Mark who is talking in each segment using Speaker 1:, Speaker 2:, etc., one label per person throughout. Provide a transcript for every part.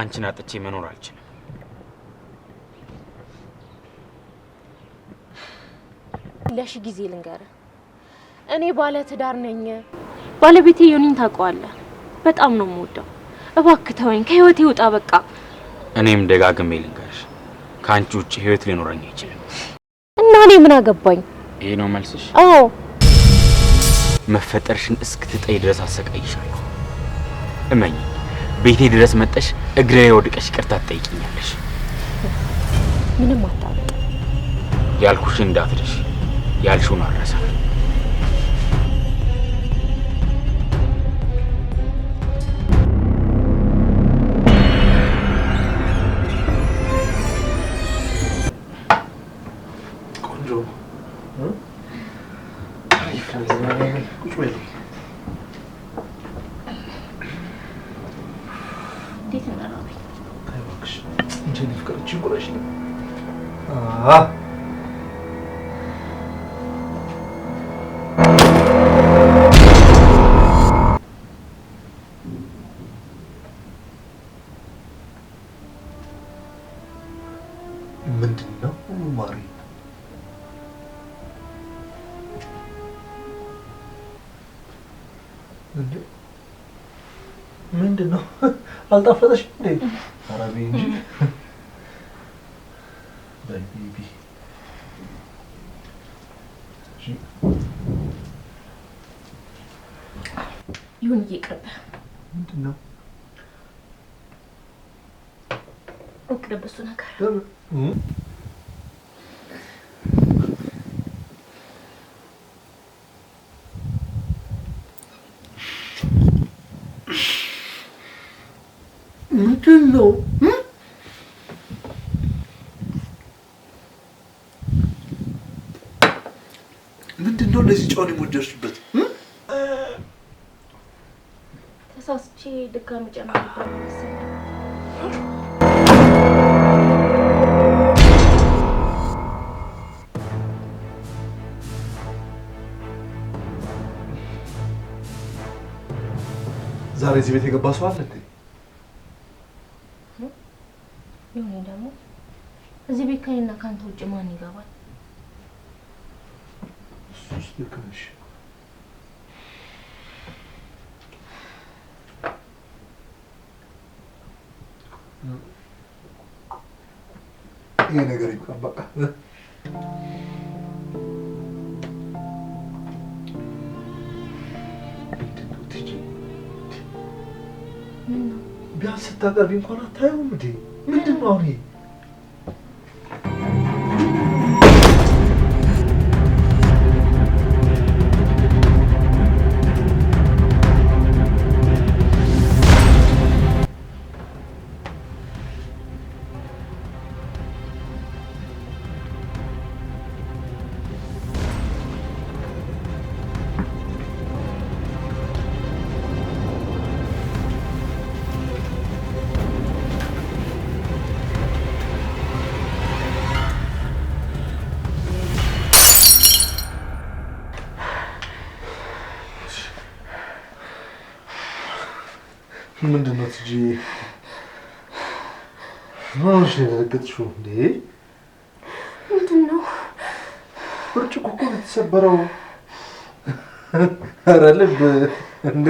Speaker 1: አንቺን አጥቼ መኖር አልችልም።
Speaker 2: ለሺ ጊዜ ልንገር እኔ ባለ ትዳር ነኝ። ባለቤቴ የኔን ታውቀዋለህ። በጣም ነው የምወደው። እባክህ ተወኝ፣ ከህይወቴ ውጣ በቃ።
Speaker 1: እኔም ደጋግሜ ልንገርሽ፣ ከአንቺ ውጭ ህይወት ሊኖረኝ አይችልም።
Speaker 2: እና እኔ ምን አገባኝ? ይሄ ነው መልስሽ? አዎ።
Speaker 1: መፈጠርሽን እስክትጠይ ድረስ አሰቃይሻለሁ፣ እመኝ ቤቴ ድረስ መጠሽ እግሬ ወድቀሽ ይቅርታ ትጠይቂኛለሽ።
Speaker 2: ምንም አታውቅ
Speaker 1: ያልኩሽ እንዳትደሽ ያልሽውን አረሳል ምንድን ነው አልጣፈጠሽ እንዴ? አረቢ እንጂ ቤቢ ይሁን ይቅርብ። ምንድን ነው
Speaker 2: ይቅርብ፣ እሱ ነገር
Speaker 1: እንደዚህ ጫውን የምትደርሱበት
Speaker 2: ተሳስቼ ድጋሚ ጨምሮበት
Speaker 1: ዛሬ እዚህ ቤት የገባ ሰው አለ እንዴ?
Speaker 2: ይሁኔ ደግሞ እዚህ ቤት ከኔና ከአንተ ውጭ ማን ይገባል?
Speaker 1: ስታቀርቢ እንኳን አታየውም እንዴ? ምንድን ነው አሁን ይሄ? ምንድን ነው ትጂ? ምንሽ ነው የደነገጥሽው? እንዴ ምንድን ነው? ብርጭቆ እኮ የተሰበረው። ኧረ ልብ እንዴ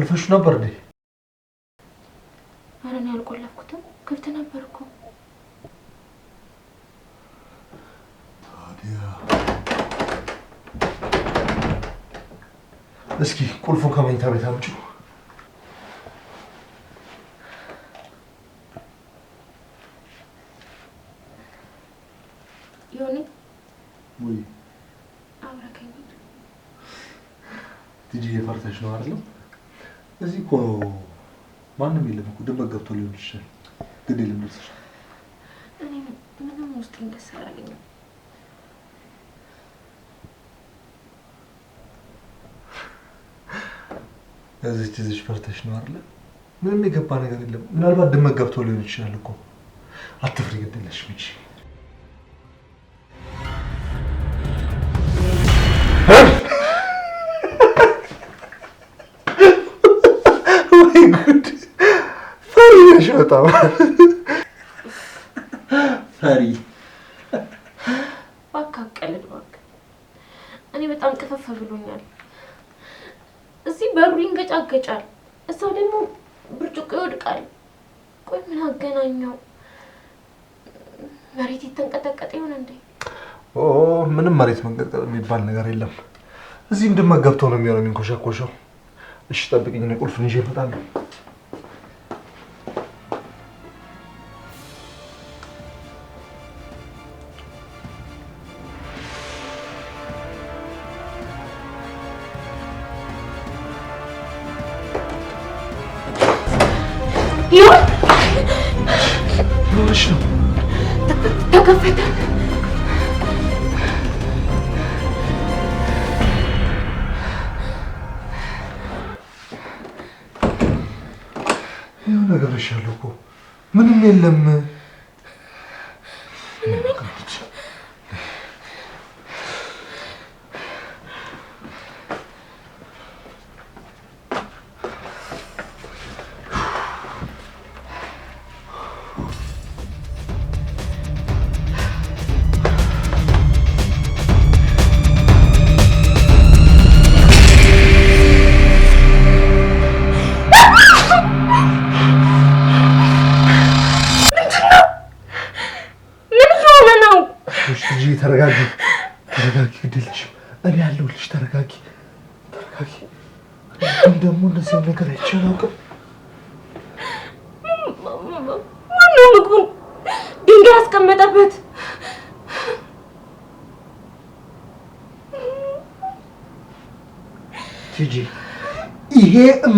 Speaker 1: ቆልፈሹ ነበር እንዴ?
Speaker 2: ኧረ እኔ አልቆለፍኩትም፣ ክፍት ነበር እኮ። ታዲያ
Speaker 1: እስኪ ቁልፉን ከመኝታ ቤት አምጪው። ትጂ የፈርተሽ ነው አይደለም? እኮ ማንም የለም እኮ ድንበት ገብቶ ሊሆን ይችላል። ግን የለም ደርሰሽ
Speaker 2: እኔ ምንም ውስጥ ደስ አላለኝም።
Speaker 1: እዚህ ትዝሽ ፈርተሽ ነው አይደለ? ምንም የገባ ነገር የለም። ምናልባት ድንበት ገብቶ ሊሆን ይችላል እኮ አትፍሪ፣ ግድ የለሽም። በጣም ፈሪ
Speaker 2: ባካቀልል ባክ እኔ በጣም ቅፈፍ ብሎኛል። እዚህ በሩ ይንገጫገጫል፣ እዛው ደግሞ ብርጭቆ ይወድቃል። ቆይ ምን አገናኘው? መሬት የተንቀጠቀጠ ይሆን እንዴ?
Speaker 1: ምንም መሬት መንቀጥቀጥ የሚባል ነገር የለም። እዚህ እንድመገብተው ነው የሚሆነው የሚንኮሻኮሸው። እሺ ጠብቅኝ፣ ቁልፍ ይዤ እመጣለሁ።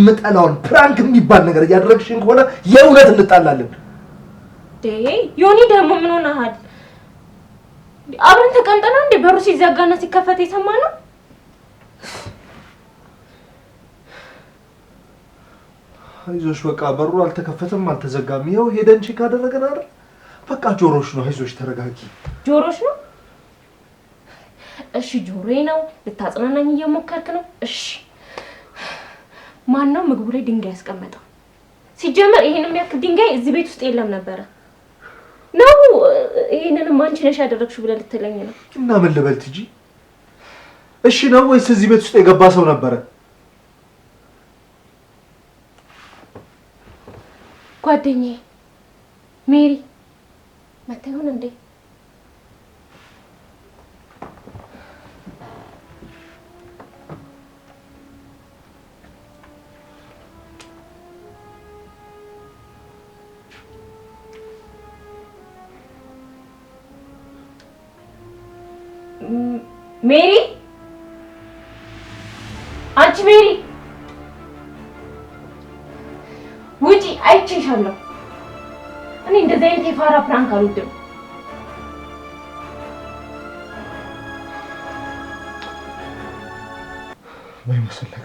Speaker 1: የምጠላውን ፕራንክ የሚባል ነገር እያደረግሽኝ ከሆነ የእውነት እንጣላለን።
Speaker 2: ዮኒ ደግሞ ምን ሆነሃል? አብረን ተቀምጠና እንዴ በሩ ሲዘጋና ሲከፈት የሰማ ነው።
Speaker 1: አይዞሽ በቃ በሩ አልተከፈተም አልተዘጋም። ይኸው ሄደን ቼክ አደረገን አይደል? በቃ ጆሮሽ ነው። አይዞሽ ተረጋጊ።
Speaker 2: ጆሮሽ ነው። እሺ ጆሮዬ ነው። ልታጽናናኝ እየሞከርክ ነው። እሺ ማነው ምግቡ ላይ ድንጋይ ያስቀመጠው? ሲጀመር ይሄን የሚያክል ድንጋይ እዚህ ቤት ውስጥ የለም ነበረ ነው። ይሄንንም አንቺ ነሽ ያደረግሽው ብለህ ልትለኝ ነው?
Speaker 1: እና ምን ልበል ትጂ? እሺ ነው ወይስ እዚህ ቤት ውስጥ የገባ ሰው ነበረ?
Speaker 2: ጓደኛዬ ሜሪ መታ ይሆን እንዴ? ቤሪ ውጪ፣ አይቼሻለሁ። እኔ እንደዚህ አይነት የፋራ ፕራንክ አልወድም። ወይ መሰለህ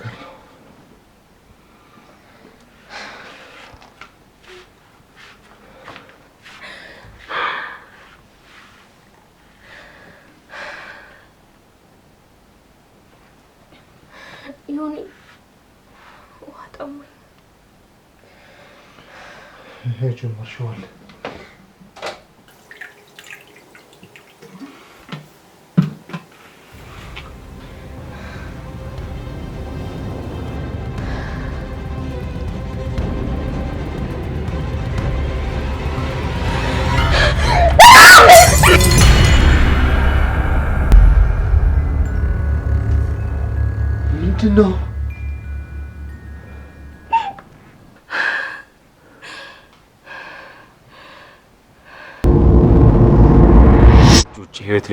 Speaker 2: ይሁን ውሃ ጠማኝ።
Speaker 1: ጀመርሽዋል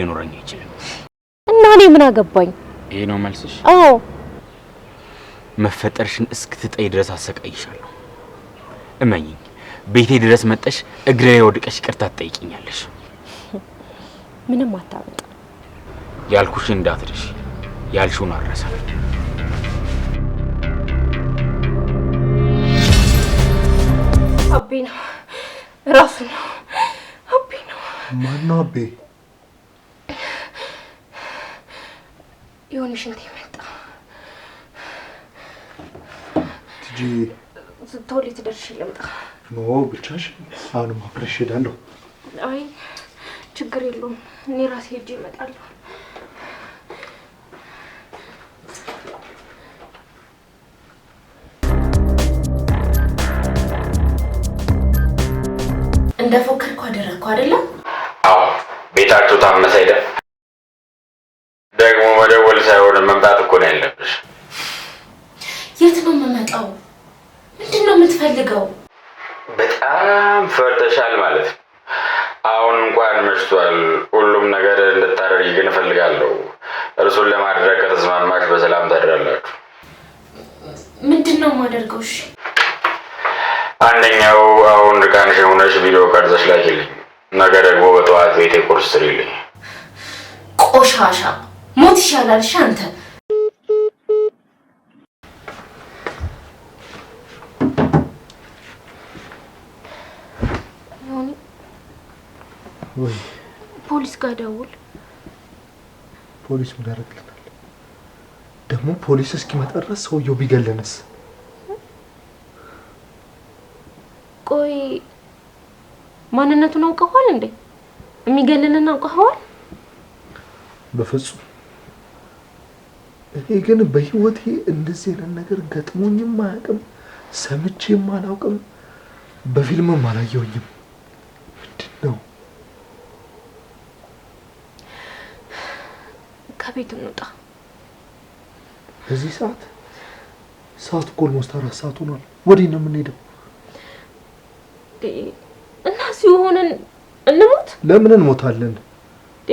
Speaker 1: ሊኖረኝ አይችልም።
Speaker 2: እና እኔ ምን አገባኝ?
Speaker 1: ይሄ ነው መልስሽ? አዎ። መፈጠርሽን እስክትጠይ ድረስ አሰቃይሻለሁ። እመኝኝ፣ ቤቴ ድረስ መጠሽ እግሬ ላይ ወድቀሽ ይቅርታ ትጠይቂኛለሽ።
Speaker 2: ምንም አታመጣ።
Speaker 1: ያልኩሽን እንዳትረሺ፣ ያልሽውን አረሳለሁ።
Speaker 2: አቤ ነው ራሱ ነው አቤ ነው ማነው አቤ የሆነ ሽንት የመጣ ትጂ ቶሎ ትደርሽ ልምጣ።
Speaker 1: ኖ ብቻሽ አሁንም አብረሽ እሄዳለሁ።
Speaker 2: አይ ችግር የለውም እኔ ራሴ ሄጄ እመጣለሁ። እንደ ፎከርኩ አደረግኩ አይደለም?
Speaker 3: አዎ ቤታችሁ ታመሰ አይደል? የምትፈልገው? በጣም ፈርተሻል ማለት ነው። አሁን እንኳን መሽቷል። ሁሉም ነገር እንድታደርጊ ግን እፈልጋለሁ። እርሱን ለማድረግ ከተስማማሽ በሰላም ታድራላችሁ።
Speaker 2: ምንድን ነው የማደርገው? እሺ፣
Speaker 3: አንደኛው አሁን ድቃንሽ ሆነሽ ቪዲዮ ቀርጸሽ ላኪልኝ። ነገ ደግሞ በጠዋት ቤቴ ቁርስ ስሪልኝ።
Speaker 2: ቆሻሻ ሞት ይሻላልሽ አንተ ወይ ፖሊስ ጋር ደውል።
Speaker 1: ፖሊስ ምን ያደርግልናል? ደግሞ ፖሊስ እስኪመጣ ድረስ ሰውየው ቢገልንስ?
Speaker 2: ቆይ ማንነቱን አውቀዋል እንዴ? የሚገልንን አውቀዋል?
Speaker 1: በፍጹም እኔ ግን በህይወቴ እንደዚህ አይነት ነገር ገጥሞኝም አያውቅም፣ ሰምቼም አላውቅም፣ በፊልምም አላየውኝም? ከቤት እንውጣ። በዚህ ሰዓት ሰዓት እኮ ኦልሞስት አራት ሰዓት ሆኗል። ወዴት ነው የምንሄደው?
Speaker 2: እና እዚሁ እንሞት?
Speaker 1: ለምን እንሞታለን?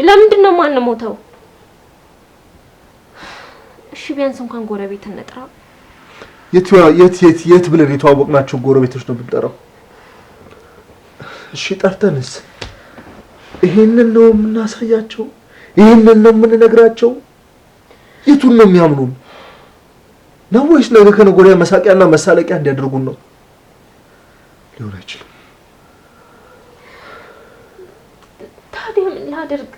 Speaker 2: ለምንድን ነው የማንሞተው? እሺ ቢያንስ እንኳን ጎረቤት እንጥራ።
Speaker 1: የት የት የት ብለን የተዋወቅናቸው ጎረቤቶች ነው ብንጠራው? እሺ ጠርተንስ ይሄንን ነው የምናሳያቸው? ይህንን ነው የምንነግራቸው? የቱን ነው የሚያምኑን ነው ወይስ ነገ ከነገ ወዲያ መሳቂያና መሳለቂያ እንዲያደርጉን ነው? ሊሆን አይችልም።
Speaker 2: ታዲያ ምን ላደርግ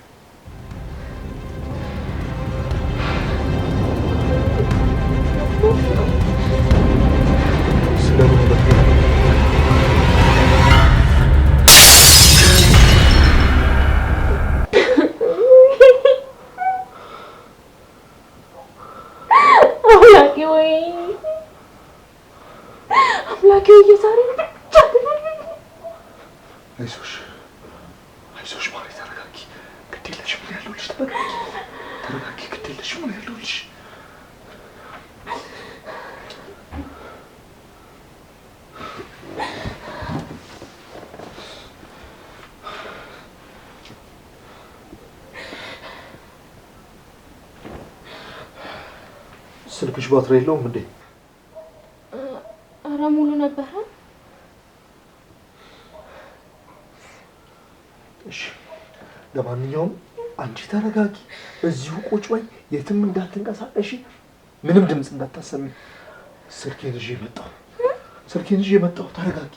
Speaker 2: ወይ አምላኬ ወይ ዛሬ ብቻ
Speaker 1: አይዞሽ አይዞሽ ማሪ ተረጋጊ ግድ የለሽም ነው ያለሁልሽ ተረጋጊ ተረጋጊ ግድ የለሽም ነው ያለሁልሽ ባትሪ የለውም እንዴ?
Speaker 2: ኧረ ሙሉ ነበረ።
Speaker 1: እሺ ለማንኛውም አንቺ ተረጋጊ፣ እዚሁ ቁጭ በይ፣ የትም እንዳትንቀሳቀሺ፣ ምንም ድምፅ እንዳታሰሚ። ስልኬን ይዤ መጣሁ፣ ስልኬን ይዤ መጣሁ። ተረጋጊ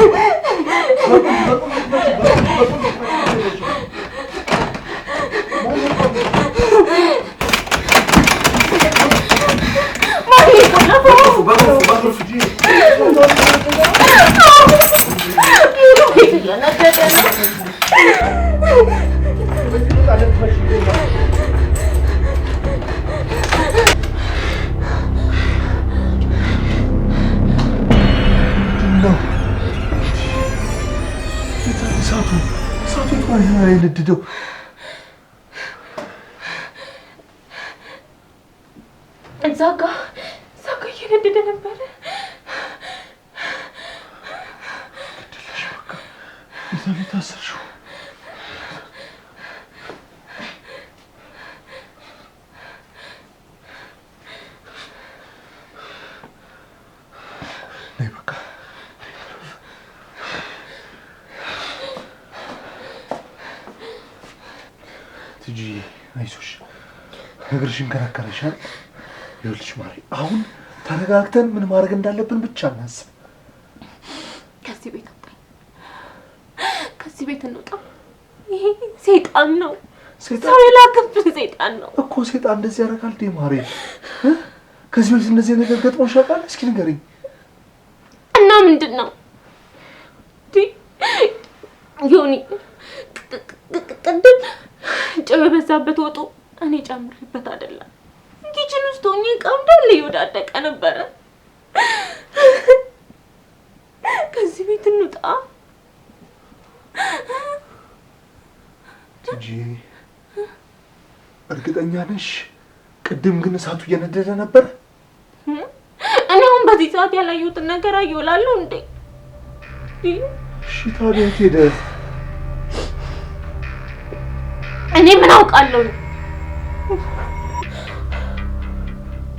Speaker 1: Bagus, bagus, bagus, bagus, bagus, bagus, bagus, 哎，对对对。አይዞሽ፣ እግርሽ ይንከራከረሻል። ይኸውልሽ ማሪ፣ አሁን ተረጋግተን ምን ማድረግ እንዳለብን ብቻ እናስብ።
Speaker 2: ከዚህ ቤት አውጣኝ፣ ከዚህ ቤት እንውጣ። ይሄ ሰይጣን ነው፣ ሰው የላከብን ሰይጣን ነው
Speaker 1: እኮ። ሰይጣን እንደዚህ ያደርጋል። ዴ ማሪ፣ ከዚህ በፊት እንደዚህ ነገር ገጥሞሽ ያውቃል? እስኪ ንገሪኝ።
Speaker 2: የበዛበት ወጡ እኔ ጨምሬበት አይደለም። ኪችን ውስጥ ሆኜ ቀምደል እንዳለ ነበረ። ከዚህ ቤት እንውጣ።
Speaker 1: ጂ እርግጠኛ ነሽ? ቅድም ግን እሳቱ እየነደደ ነበር።
Speaker 2: እኔ አሁን በዚህ ሰዓት ያላየሁትን ነገር አየውላለሁ እንዴ?
Speaker 1: እሺ ታዲያ ሄደ
Speaker 2: እኔ ምን አውቃለሁ?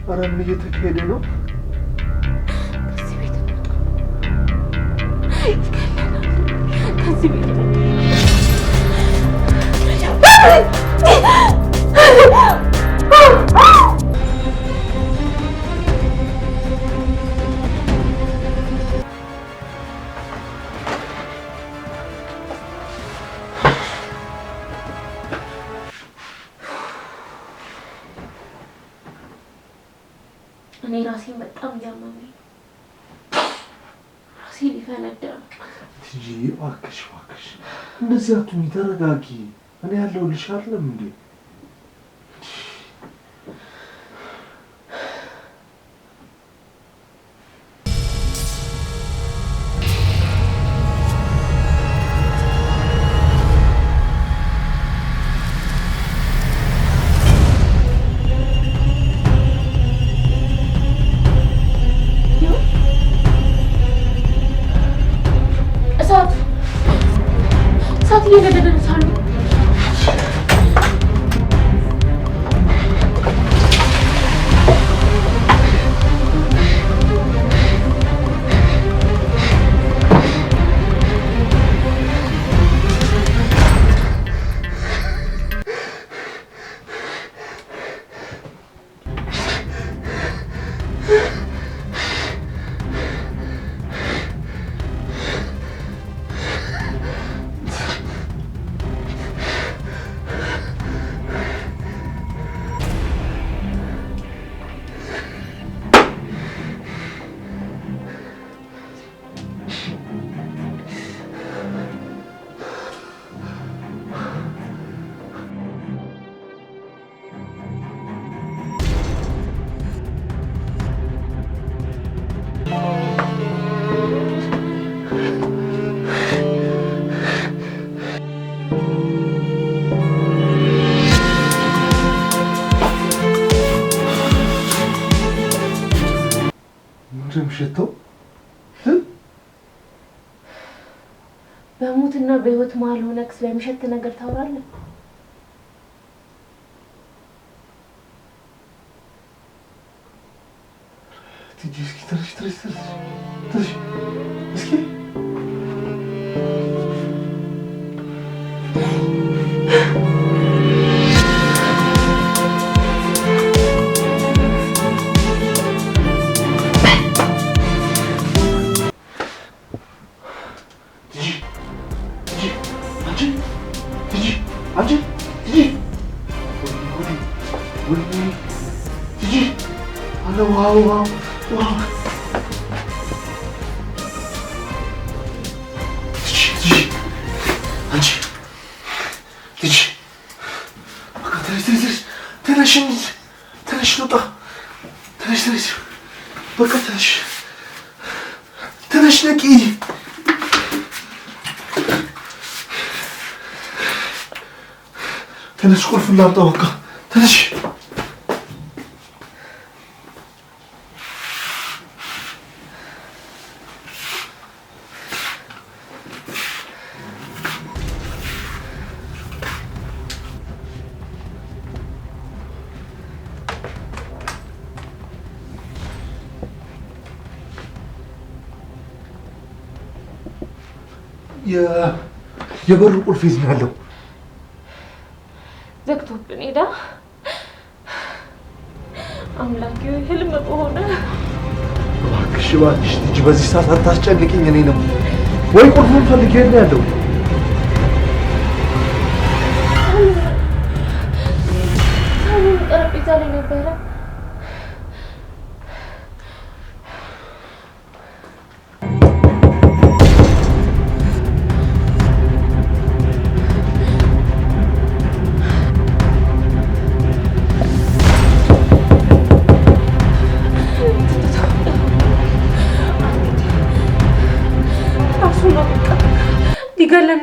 Speaker 1: ኧረ ምን እየተካሄደ ነው?
Speaker 2: ከዚህ ቤት
Speaker 1: እባክሽ እባክሽ እንደዚህ አትሁኚ፣ ተረጋጊ። እኔ ያለሁልሽ አይደለም እንዴ?
Speaker 2: Thank you. በሞትና በህይወት መሀል ሆነህ ስለሚሸት ነገር ታውራለህ?
Speaker 1: wow, wow, wow. Dış, dış. Dış. Dış. Bakın, dış, dış, dış. Telaşın, telaşın da. Telaş, telaş. Bakın telaş. Telaş ne ki? Telaş kurfullarda bakın. የበሩ ቁልፍ የት ያለው?
Speaker 2: ዘግቶብን ሄዳ። አምላኬ ህልም በሆነ
Speaker 1: እባክሽ፣ እባክሽ ልጅ በዚህ ሰዓት አታስጨንቅኝ። እኔንም ወይ ቁልፉን ፈልጌ ያለው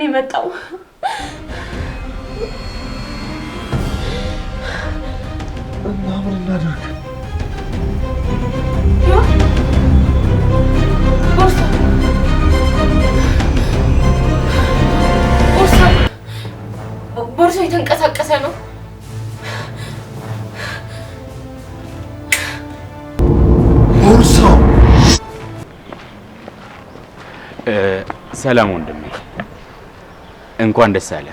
Speaker 1: የመጣው? እና ምን እናደርግ?
Speaker 2: የተንቀሳቀሰ ነው።
Speaker 1: ቦርሳው
Speaker 4: ሰላም ወንድሜ እንኳን ደስ አለ።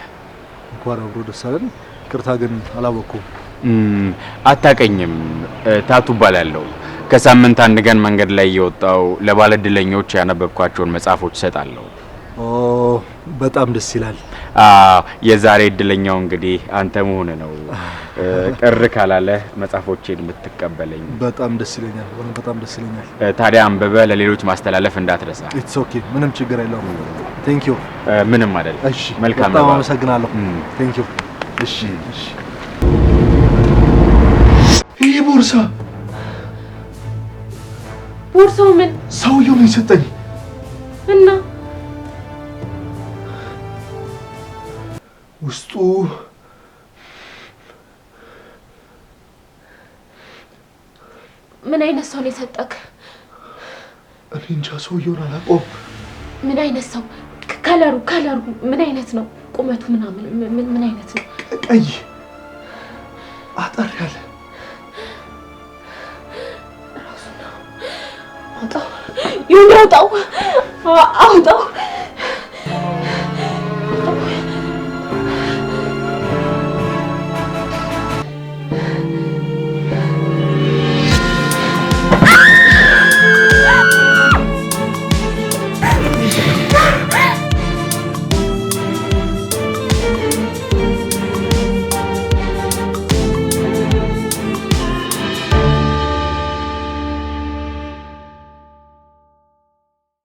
Speaker 1: እንኳን አብሮ ደስ አለን። ቅርታ ግን አላወኩም።
Speaker 4: አታቀኝም። ታቱ እባላለሁ። ከሳምንት አንድ ቀን መንገድ ላይ እየወጣው ለባለ እድለኞች ያነበብኳቸውን መጽሐፎች እሰጣለሁ።
Speaker 1: በጣም ደስ ይላል።
Speaker 4: አዎ የዛሬ እድለኛው እንግዲህ አንተ መሆን ነው። ቅር ካላለ መጽሐፎቼን የምትቀበለኝ
Speaker 1: በጣም ደስ ይለኛል። በጣም ደስ ይለኛል።
Speaker 4: ታዲያ አንብበህ ለሌሎች ማስተላለፍ እንዳትረሳ።
Speaker 1: ኢትስ ኦኬ፣ ምንም ችግር የለውም። ቴንክ ዩ።
Speaker 4: ምንም አይደለም። እሺ፣
Speaker 1: መልካም ነው። በጣም አመሰግናለሁ። ቴንክ ዩ። እሺ፣ እሺ። ይህ ቦርሳ ቦርሳው ምን ሰውየው ነው የሰጠኝ እና ውስጡ
Speaker 2: ምን አይነት ሰው ነው የሰጠክ?
Speaker 1: እኔ እንጃ። ሰውየውን አላውቀውም።
Speaker 2: ምን አይነት ሰው? ከለሩ ከለሩ ምን አይነት ነው? ቁመቱ ምናምን ምን አይነት ነው?
Speaker 1: ቀይ አጠር ያለ
Speaker 2: ራሱ ነው። አውጣው፣ ይሁን አውጣው፣ አውጣው